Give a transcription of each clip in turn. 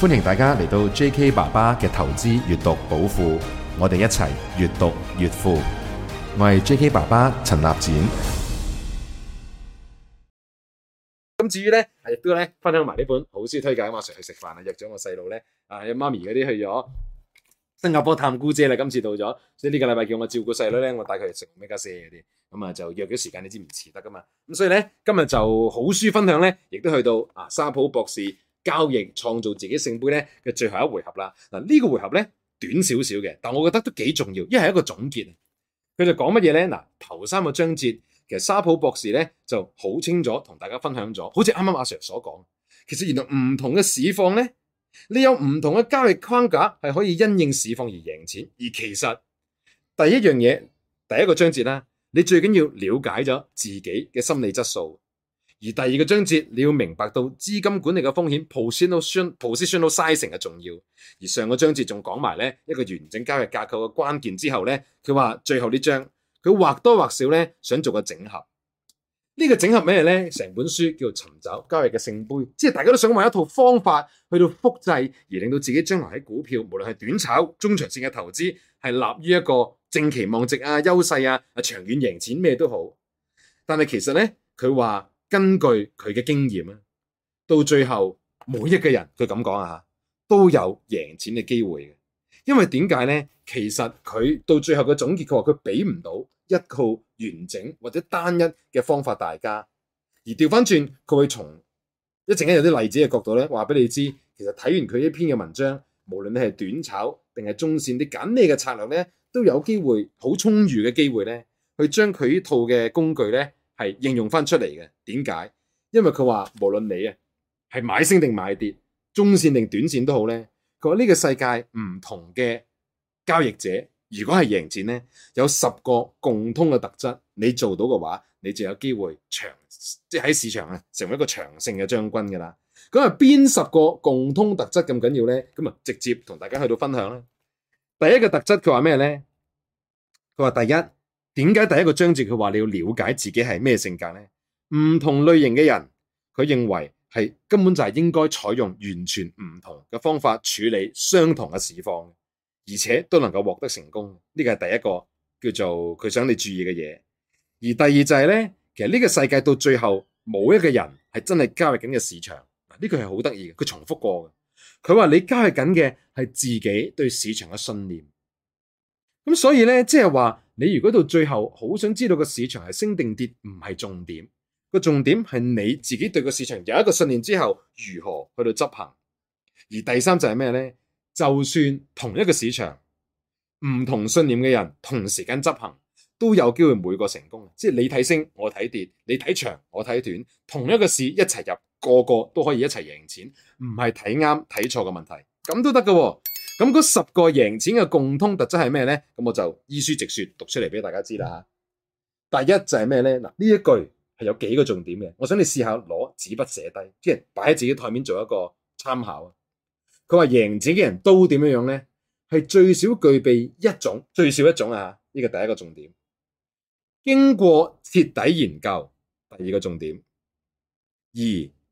歡迎大家嚟到 J.K. 爸爸嘅投資閱讀寶庫，我哋一齊閱讀越富。我係 J.K. 爸爸陳立展。咁至於咧，亦都咧分享埋呢本好書推介啊。成日去食飯弟弟啊，約咗我細路咧，啊，媽咪嗰啲去咗新加坡探姑姐啦。今次到咗，所以呢個禮拜叫我照顧細路咧，我帶佢去食咩家私嗰啲。咁啊，就約咗時間，你知唔遲得噶嘛。咁所以咧，今日就好書分享咧，亦都去到啊沙普博士。交易創造自己聖杯咧嘅最後一回合啦！嗱，呢個回合咧短少少嘅，但我覺得都幾重要，一係一個總結。佢就講乜嘢咧？嗱，頭三個章節其實沙普博士咧就好清楚同大家分享咗，好似啱啱阿 Sir 所講，其實原來唔同嘅市況咧，你有唔同嘅交易框架係可以因應市況而贏錢。而其實第一樣嘢，第一個章節啦，你最緊要了解咗自己嘅心理質素。而第二個章節，你要明白到資金管理嘅風險，position sizing 嘅重要。而上個章節仲講埋咧一個完整交易架構嘅關鍵之後咧，佢話最後呢章佢或多或少咧想做個整合。呢、這個整合咩咧？成本書叫做尋找交易嘅聖杯，即係大家都想揾一套方法去到複製，而令到自己將來喺股票，無論係短炒、中長線嘅投資，係立於一個正期望值啊、優勢啊、啊長遠贏錢咩都好。但係其實咧，佢話。根據佢嘅經驗啊，到最後每一個人佢咁講啊都有贏錢嘅機會嘅。因為點解咧？其實佢到最後嘅總結，佢話佢俾唔到一套完整或者單一嘅方法大家。而掉返轉，佢會從一陣間有啲例子嘅角度咧，話俾你知。其實睇完佢一篇嘅文章，無論你係短炒定係中線，你揀咩嘅策略咧，都有機會好充裕嘅機會咧，去將佢套嘅工具咧。係應用翻出嚟嘅。點解？因為佢話，無論你啊係買升定買跌，中線定短線都好咧。佢話呢個世界唔同嘅交易者，如果係贏錢咧，有十個共通嘅特質，你做到嘅話，你就有機會長，即係喺市場啊，成為一個長勝嘅將軍噶啦。咁啊，邊十個共通特質咁緊要咧？咁啊，直接同大家去到分享咧。第一個特質佢話咩咧？佢話第一。點解第一個章節佢話你要了解自己係咩性格呢？唔同類型嘅人，佢認為係根本就係應該採用完全唔同嘅方法處理相同嘅市況，而且都能夠獲得成功。呢個係第一個叫做佢想你注意嘅嘢。而第二就係呢，其實呢個世界到最後冇一個人係真係交易緊嘅市場。呢個係好得意嘅，佢重複過。佢話你交易緊嘅係自己對市場嘅信念。咁所以呢，即係話。你如果到最後好想知道個市場係升定跌唔係重點，個重點係你自己對個市場有一個信念之後，如何去到執行。而第三就係咩呢？就算同一個市場唔同信念嘅人同時間執行，都有機會每個成功。即係你睇升，我睇跌；你睇長，我睇短。同一個市一齊入，個個都可以一齊贏錢，唔係睇啱睇錯嘅問題，咁都得㗎喎。咁嗰十個贏錢嘅共通特質係咩咧？咁我就依書直說，讀出嚟，俾大家知啦吓。第一就係咩咧？嗱，呢一句係有幾個重點嘅，我想你試下攞紙筆寫低，即係擺喺自己台面做一個參考。佢話贏錢嘅人都點樣樣咧？係最少具備一種，最少一種啊！呢個第一個重點。經過徹底研究，第二個重點，而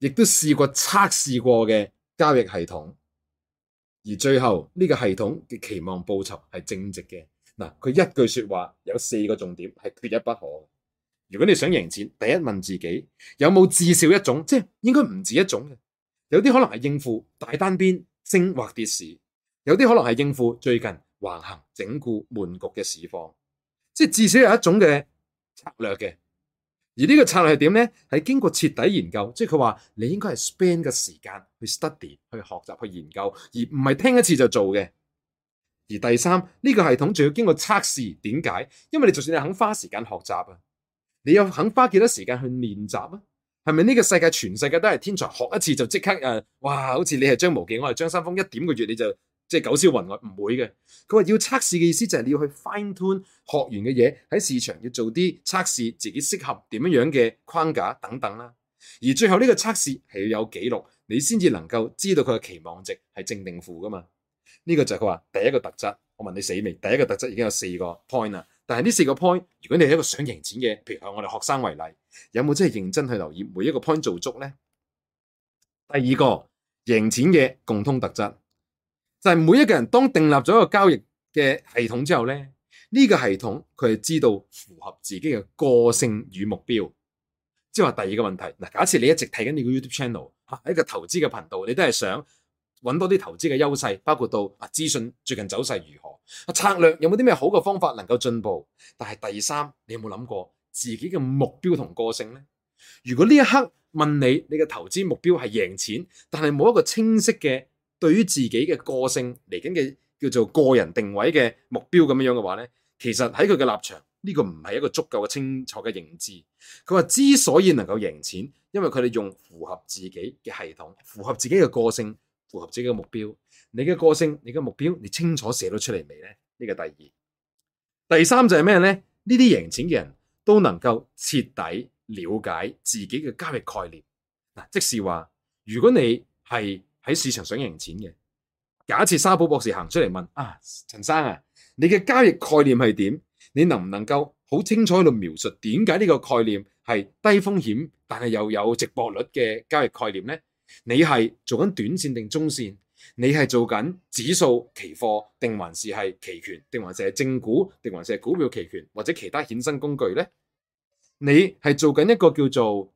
亦都試過測試過嘅交易系統。而最後呢個系統嘅期望報酬係正值嘅。嗱，佢一句說話有四個重點係缺一不可。如果你想贏錢，第一問自己有冇至少一種，即係應該唔止一種嘅。有啲可能係應付大單邊升或跌市，有啲可能係應付最近橫行整固悶局嘅市況，即係至少有一種嘅策略嘅。而呢個策略係點呢？係經過徹底研究，即係佢話你應該係 spend 嘅時間去 study、去學習、去研究，而唔係聽一次就做嘅。而第三呢、呢個系統仲要經過測試，點解？因為你就算你肯花時間學習啊，你又肯花幾多時間去練習啊？係咪呢個世界全世界都係天才？學一次就即刻誒、呃，哇！好似你係張無忌，我係張三豐，一點個月你就。即係九霄雲外唔會嘅，佢話要測試嘅意思就係你要去 fine tune 學完嘅嘢，喺市場要做啲測試，自己適合點樣樣嘅框架等等啦。而最後呢個測試係要有記錄，你先至能夠知道佢嘅期望值係正定負噶嘛？呢個就係佢話第一個特質。我問你死未？第一個特質已經有四個 point 啦。但係呢四個 point，如果你係一個想贏錢嘅，譬如我哋學生為例，有冇真係認真去留意每一個 point 做足呢？第二個贏錢嘅共通特質。就係每一個人當訂立咗一個交易嘅系統之後咧，呢個系統佢係知道符合自己嘅個性與目標，即係話第二個問題。嗱，假設你一直睇緊你個 YouTube channel，喺個投資嘅頻道，你都係想揾多啲投資嘅優勢，包括到啊資訊、最近走勢如何啊、策略有冇啲咩好嘅方法能夠進步。但係第三，你有冇諗過自己嘅目標同個性咧？如果呢一刻問你，你嘅投資目標係贏錢，但係冇一個清晰嘅。對於自己嘅個性嚟緊嘅叫做個人定位嘅目標咁樣嘅話呢，其實喺佢嘅立場呢，呢個唔係一個足夠嘅清楚嘅認知。佢話之所以能夠贏錢，因為佢哋用符合自己嘅系統，符合自己嘅個性，符合自己嘅目標。你嘅個性，你嘅目標，你清楚寫到出嚟未呢？呢個第二，第三就係咩呢？呢啲贏錢嘅人都能夠徹底瞭解自己嘅交易概念。即係話，如果你係，喺市場想贏錢嘅，假設沙普博士行出嚟問啊陳生啊，你嘅交易概念係點？你能唔能夠好清楚喺度描述點解呢個概念係低風險但係又有值博率嘅交易概念呢？你係做緊短線定中線？你係做緊指數期貨定還是係期權？定還是係正股？定還是係股票期權或者其他衍生工具呢？你係做緊一個叫做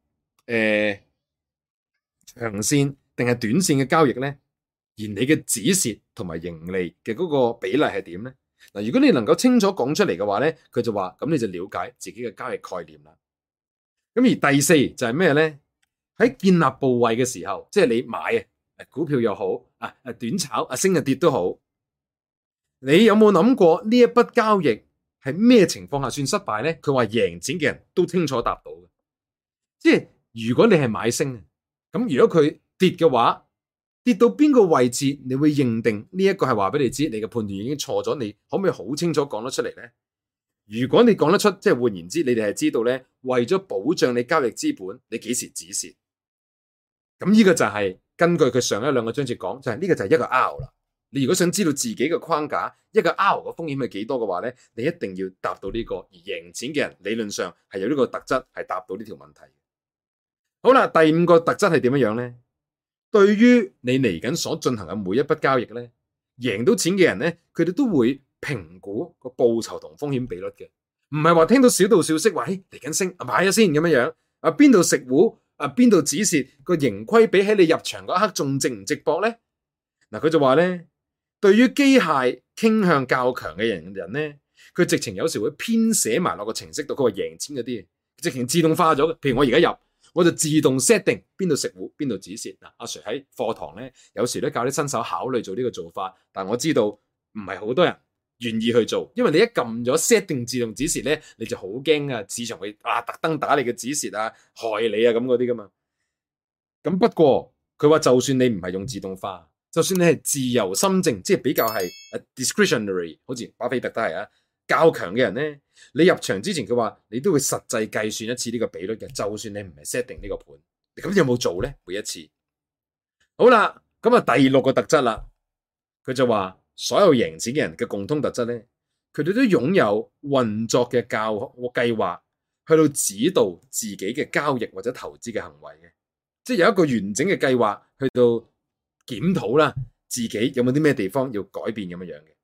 誒長、呃、線？定係短綫嘅交易咧，而你嘅止蝕同埋盈利嘅嗰個比例係點咧？嗱，如果你能夠清楚講出嚟嘅話咧，佢就話咁你就了解自己嘅交易概念啦。咁而第四就係咩咧？喺建立部位嘅時候，即係你買啊，股票又好啊，短炒啊升日跌都好，你有冇諗過呢一筆交易係咩情況下算失敗咧？佢話贏錢嘅人都清楚答到嘅，即係如果你係買升，咁如果佢。跌嘅話，跌到邊個位置，你會認定呢一、這個係話俾你知，你嘅判斷已經錯咗，你可唔可以好清楚講得出嚟咧？如果你講得出，即係換言之，你哋係知道咧，為咗保障你交易資本，你幾時止蝕？咁、嗯、呢、這個就係根據佢上一兩個章節講，就係呢個就係一個 R 啦。你如果想知道自己嘅框架一個 R 嘅風險係幾多嘅話咧，你一定要答到呢、這個，而贏錢嘅人，理論上係有呢個特質係答到呢條問題。好啦，第五個特質係點樣樣咧？對於你嚟緊所進行嘅每一筆交易咧，贏到錢嘅人咧，佢哋都會評估個報酬同風險比率嘅，唔係話聽到小道消息話，嚟緊、哎、升買咗先咁樣樣，啊邊度食糊啊邊度指示止蝕個盈虧比起你入場嗰一刻仲值唔直唔值博咧？嗱、啊，佢就話咧，對於機械傾向較強嘅人人咧，佢直情有時會編寫埋落個程式度，佢話贏錢嗰啲直情自動化咗，譬如我而家入。我就自動 set 定邊度食糊，邊度止蝕，嗱，阿、啊、Sir 喺課堂咧，有時都教啲新手考慮做呢個做法，但我知道唔係好多人願意去做，因為你一撳咗 set 定自動止蝕咧，你就好驚啊市場會啊特登打你嘅止蝕啊害你啊咁嗰啲噶嘛。咁不過佢話就算你唔係用自動化，就算你係自由心證，即係比較係 discretionary，好似巴菲特都係啊。較強嘅人咧，你入場之前佢話你都會實際計算一次呢個比率嘅，就算你唔係 set 定呢個盤，咁有冇做咧？每一次好啦，咁啊第六個特質啦，佢就話所有贏錢嘅人嘅共通特質咧，佢哋都擁有運作嘅教計劃，去到指導自己嘅交易或者投資嘅行為嘅，即係有一個完整嘅計劃去到檢討啦，自己有冇啲咩地方要改變咁樣樣嘅。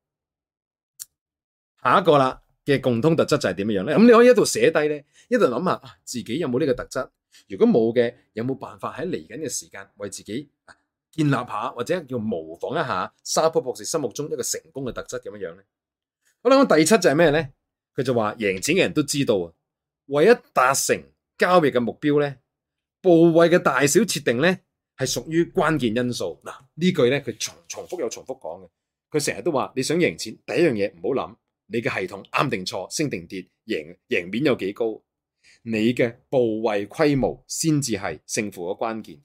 下一個啦嘅共通特質就係點樣樣咧？咁你可以一度寫低咧，一度諗下啊，自己有冇呢個特質？如果冇嘅，有冇辦法喺嚟緊嘅時間為自己啊建立下，或者叫模仿一下沙坡博士心目中一個成功嘅特質咁樣樣咧？好啦，我第七就係咩咧？佢就話贏錢嘅人都知道啊，唯一達成交易嘅目標咧，部位嘅大小設定咧係屬於關鍵因素嗱。句呢句咧佢重重複有重複講嘅，佢成日都話你想贏錢，第一樣嘢唔好諗。你嘅系統啱定錯？升定跌？贏贏面有幾高？你嘅部位規模先至係勝負嘅關鍵。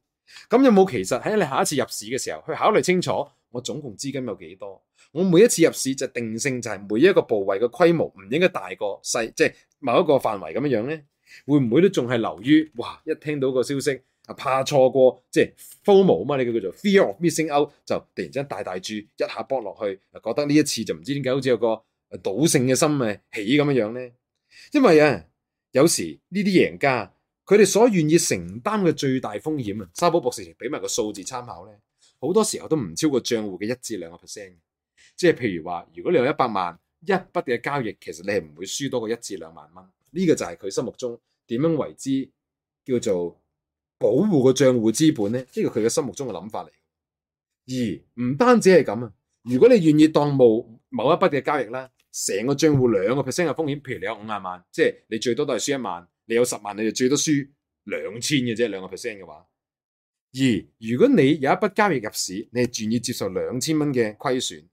咁有冇其實喺你下一次入市嘅時候去考慮清楚？我總共資金有幾多？我每一次入市就定性就係每一個部位嘅規模唔應該大過細，即係某一個範圍咁樣樣咧，會唔會都仲係留於哇？一聽到一個消息啊，怕錯過，即係 FOMO 嘛？你叫做 Fear of Missing Out，就突然間大大注一下搏落去，覺得呢一次就唔知點解好似有個。賭性嘅心咪起咁樣樣咧，因為啊，有時呢啲贏家佢哋所願意承擔嘅最大風險啊，沙寶博士俾埋個數字參考咧，好多時候都唔超過賬戶嘅一至兩個 percent，即係譬如話如果你有一百萬一筆嘅交易，其實你係唔會輸多過一至兩萬蚊，呢個就係佢心目中點樣為之叫做保護個賬戶資本咧，呢個佢嘅心目中嘅諗法嚟。而唔單止係咁啊，如果你願意當務某一筆嘅交易啦。成個賬戶兩個 percent 嘅風險，譬如你有五十萬，即係你最多都係輸一萬，你有十萬你就最多輸兩千嘅啫，兩個 percent 嘅話。二，如果你有一筆交易入市，你係願意接受兩千蚊嘅虧損，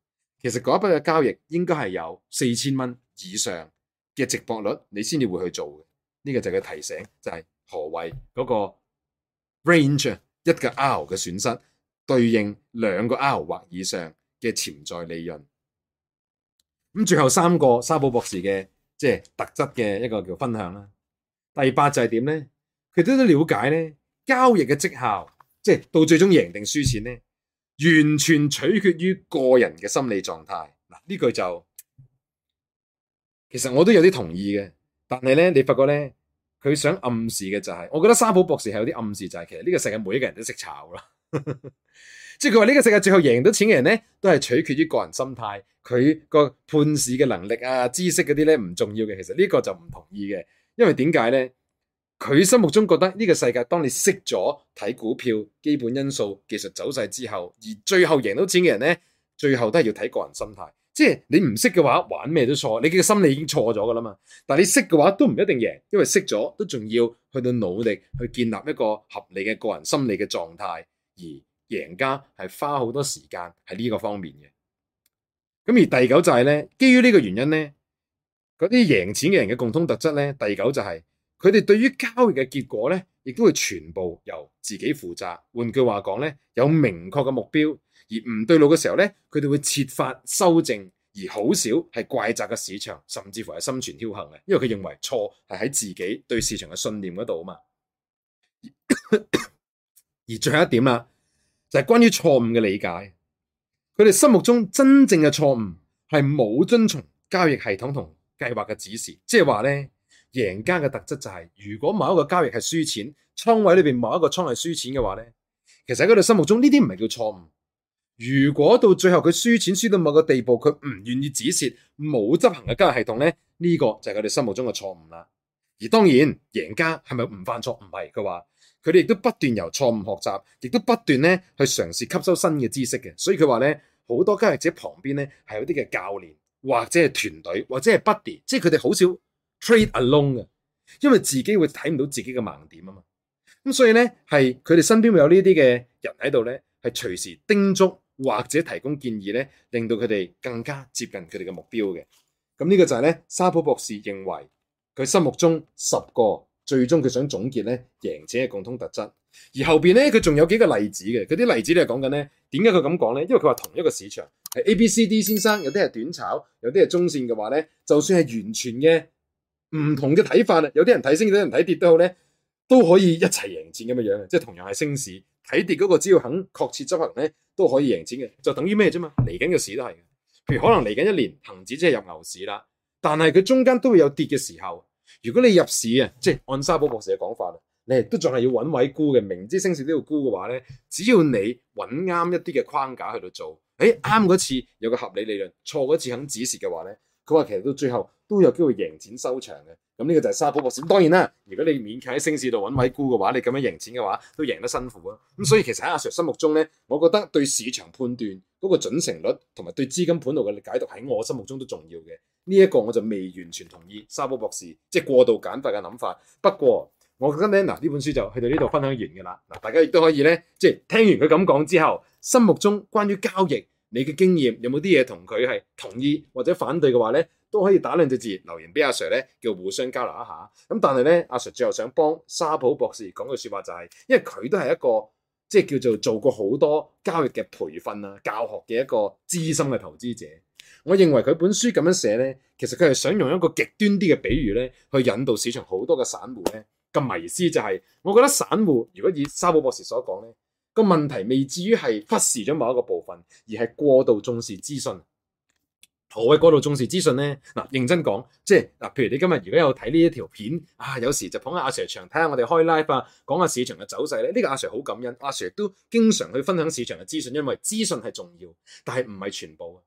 其實嗰一筆嘅交易應該係有四千蚊以上嘅值博率，你先至會去做嘅。呢、這個就係個提醒，就係、是、何為嗰個 range 一個 R 嘅損失對應兩個 R 或以上嘅潛在利潤。咁最後三個沙普博士嘅即係特質嘅一個叫分享啦。第八就係點呢？佢都都瞭解呢，交易嘅績效，即係到最終贏定輸錢呢，完全取決於個人嘅心理狀態。嗱，呢句就其實我都有啲同意嘅，但係呢，你發覺呢，佢想暗示嘅就係、是，我覺得沙普博士係有啲暗示就係，其實呢個世界每一個人都識炒即係佢話呢個世界最後贏到錢嘅人呢，都係取決於個人心態，佢個判事嘅能力啊、知識嗰啲呢，唔重要嘅。其實呢個就唔同意嘅，因為點解呢？佢心目中覺得呢個世界，當你識咗睇股票、基本因素、技術走勢之後，而最後贏到錢嘅人呢，最後都係要睇個人心態。即係你唔識嘅話，玩咩都錯，你嘅心理已經錯咗噶啦嘛。但係你識嘅話，都唔一定贏，因為識咗都仲要去到努力去建立一個合理嘅個人心理嘅狀態。而贏家係花好多時間喺呢個方面嘅，咁而第九就係咧，基於呢個原因咧，嗰啲贏錢嘅人嘅共通特質咧，第九就係佢哋對於交易嘅結果咧，亦都會全部由自己負責。換句話講咧，有明確嘅目標，而唔對路嘅時候咧，佢哋會設法修正，而好少係怪責嘅市場，甚至乎係心存僥倖嘅，因為佢認為錯係喺自己對市場嘅信念嗰度啊嘛。 而最後一點啦，就係、是、關於錯誤嘅理解。佢哋心目中真正嘅錯誤係冇遵從交易系統同計劃嘅指示。即係話咧，贏家嘅特質就係、是，如果某一個交易係輸錢，倉位裏邊某一個倉係輸錢嘅話咧，其實喺佢哋心目中呢啲唔係叫錯誤。如果到最後佢輸錢輸到某個地步，佢唔願意止蝕，冇執行嘅交易系統咧，呢、這個就係佢哋心目中嘅錯誤啦。而當然，贏家係咪唔犯錯？唔係，佢話佢哋亦都不斷由錯誤學習，亦都不斷咧去嘗試吸收新嘅知識嘅。所以佢話咧，好多交易者旁邊咧係有啲嘅教練或者係團隊或者係 buddy，即係佢哋好少 trade alone 嘅，因為自己會睇唔到自己嘅盲點啊嘛。咁所以咧係佢哋身邊會有呢啲嘅人喺度咧，係隨時叮囑或者提供建議咧，令到佢哋更加接近佢哋嘅目標嘅。咁呢個就係咧沙普博士認為。佢心目中十個最終佢想總結咧贏錢嘅共通特質，而後邊咧佢仲有幾個例子嘅，嗰啲例子咧講緊咧點解佢咁講咧？因為佢話同一個市場係 A、B、C、D 先生，有啲係短炒，有啲係中線嘅話咧，就算係完全嘅唔同嘅睇法啊，有啲人睇升，有啲人睇跌都好咧，都可以一齊贏錢咁嘅樣嘅，即係同樣係升市睇跌嗰個，只要肯確切執行咧，都可以贏錢嘅，就等於咩啫嘛？嚟緊嘅市都係，譬如可能嚟緊一年恒指即係入牛市啦，但係佢中間都會有跌嘅時候。如果你入市啊，即係按沙寶博士嘅講法啊，你都仲係要搵位沽嘅。明知升市都要沽嘅話咧，只要你搵啱一啲嘅框架去到做，誒啱嗰次有個合理利潤，錯嗰次肯止蝕嘅話咧，佢話其實到最後都有機會贏錢收場嘅。咁呢、嗯這個就係沙寶博士。咁當然啦，如果你勉強喺升市度揾位沽嘅話，你咁樣贏錢嘅話，都贏得辛苦啊。咁、嗯、所以其實喺阿 Sir 心目中呢，我覺得對市場判斷嗰、那個準成率，同埋對資金盤度嘅解讀，喺我心目中都重要嘅。呢、這、一個我就未完全同意沙寶博士即係過度簡化嘅諗法。不過我覺得咧，嗱呢本書就去到呢度分享完嘅啦。嗱，大家亦都可以呢，即係聽完佢咁講之後，心目中關於交易你嘅經驗有冇啲嘢同佢係同意或者反對嘅話呢？都可以打兩隻字留言俾阿 Sir 咧，叫互相交流一下。咁但係咧，阿 Sir 最後想幫沙普博士講句説話就係，因為佢都係一個即係叫做做過好多交易嘅培訓啊、教學嘅一個資深嘅投資者。我認為佢本書咁樣寫咧，其實佢係想用一個極端啲嘅比喻咧，去引導市場好多嘅散戶咧嘅迷思就係，我覺得散戶如果以沙普博士所講咧，個問題未至於係忽視咗某一個部分，而係過度重視資訊。何謂過度重視資訊咧？嗱、啊，認真講，即係嗱，譬如你今日如果有睇呢一條片，啊，有時就捧下阿 Sir 場，睇下我哋開 live 啊，講下市場嘅走勢咧。呢、這個阿 Sir 好感恩，阿 Sir、啊、都經常去分享市場嘅資訊，因為資訊係重要，但係唔係全部。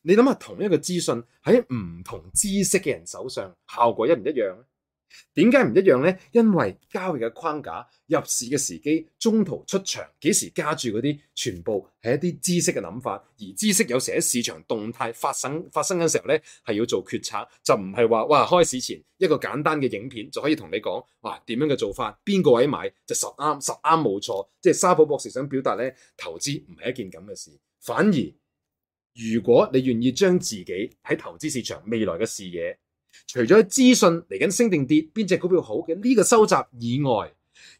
你諗下，同一個資訊喺唔同知識嘅人手上，效果一唔一樣咧？點解唔一樣呢？因為交易嘅框架、入市嘅時機、中途出場、幾時加注嗰啲，全部係一啲知識嘅諗法。而知識有時喺市場動態發生發生嘅時候呢，係要做決策，就唔係話哇開市前一個簡單嘅影片就可以同你講哇點樣嘅做法，邊個位買就實啱實啱冇錯。即係沙普博士想表達呢，投資唔係一件咁嘅事，反而如果你願意將自己喺投資市場未來嘅視野。除咗資訊嚟緊升定跌，邊隻股票好嘅呢、呢個收集以外，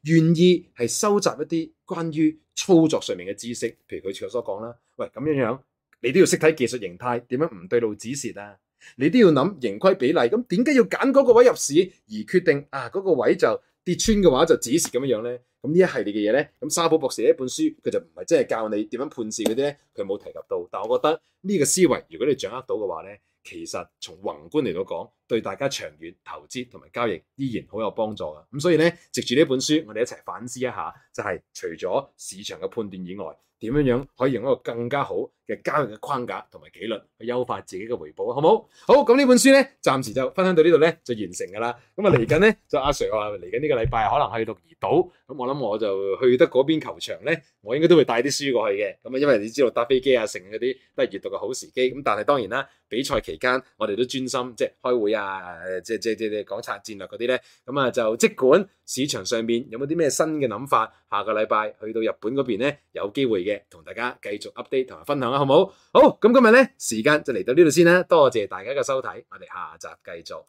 願意係收集一啲關於操作上面嘅知識，譬如佢所講啦，喂，咁樣樣，你都要識睇技術形態，點樣唔對路指示啊？你都要諗盈虧比例，咁點解要揀嗰個位入市而決定啊？嗰、嗰個位就跌穿嘅話就指示咁樣樣咧？咁呢一系列嘅嘢咧，咁沙寶博士呢一本書佢就唔係真係教你點樣判市嗰啲咧，佢冇提及到。但我覺得呢個思維如果你掌握到嘅話咧。其實從宏觀嚟到講，對大家長遠投資同埋交易依然好有幫助嘅。咁所以呢，藉住呢本書，我哋一齊反思一下，就係、是、除咗市場嘅判斷以外，點樣樣可以用一個更加好嘅交易嘅框架同埋紀律去優化自己嘅回報好唔好？好，咁呢本書咧，暫時就分享到呢度咧，就完成噶啦。咁啊，嚟緊咧就阿 Sir 話嚟緊呢個禮拜可能去讀離島，咁我諗我就去得嗰邊球場咧，我應該都會帶啲書過去嘅。咁啊，因為你知道搭飛機啊，剩嗰啲都係閱讀嘅好時機。咁但係當然啦、啊，比賽期間我哋都專心，即係開會啊，即即即講策戰略嗰啲咧。咁啊，就即管市場上邊有冇啲咩新嘅諗法，下個禮拜去到日本嗰邊咧，有機會嘅同大家繼續 update 同埋分享。好唔好？好咁，那今日咧時間就嚟到呢度先啦。多謝大家嘅收睇，我哋下集繼續。